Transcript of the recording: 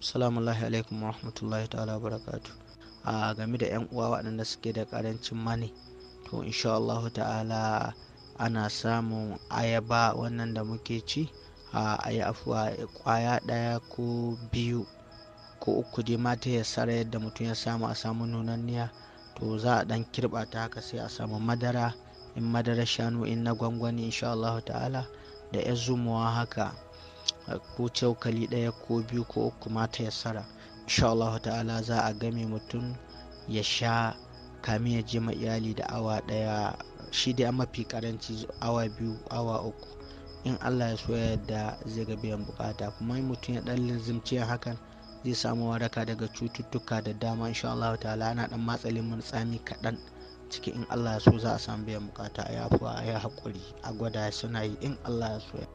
Salamu alaikum wa rahmatullahi ta'ala wa barakatu. A game da 'yan uwa waɗanda suke da ƙarancin mani, to insha Allah ta'ala ana samun ayaba wannan da muke ci a yi afuwa kwaya ɗaya ko biyu ko uku dai mata ya sara yadda mutum ya samu a samu nunanniya to za a ɗan kirɓa ta haka sai a samu madara in madara shanu in na gwangwani insha Allah ta'ala da ya zumuwa haka ko cokali ɗaya ko biyu ko uku mata ta yassara insha Allah ta'ala za a game mutum ya sha kamin ya je ma iyali da awa ɗaya shi dai mafi karanci awa biyu awa uku in Allah ya soya da zai ga biyan bukata kuma mutum ya ɗan linzimci hakan zai samu waraka daga cututtuka da dama insha Allah ta'ala ana ɗan matsalin mun tsami kaɗan ciki in Allah ya so za a samu biyan bukata a yafuwa a yi haƙuri a gwada suna yi in Allah ya soya.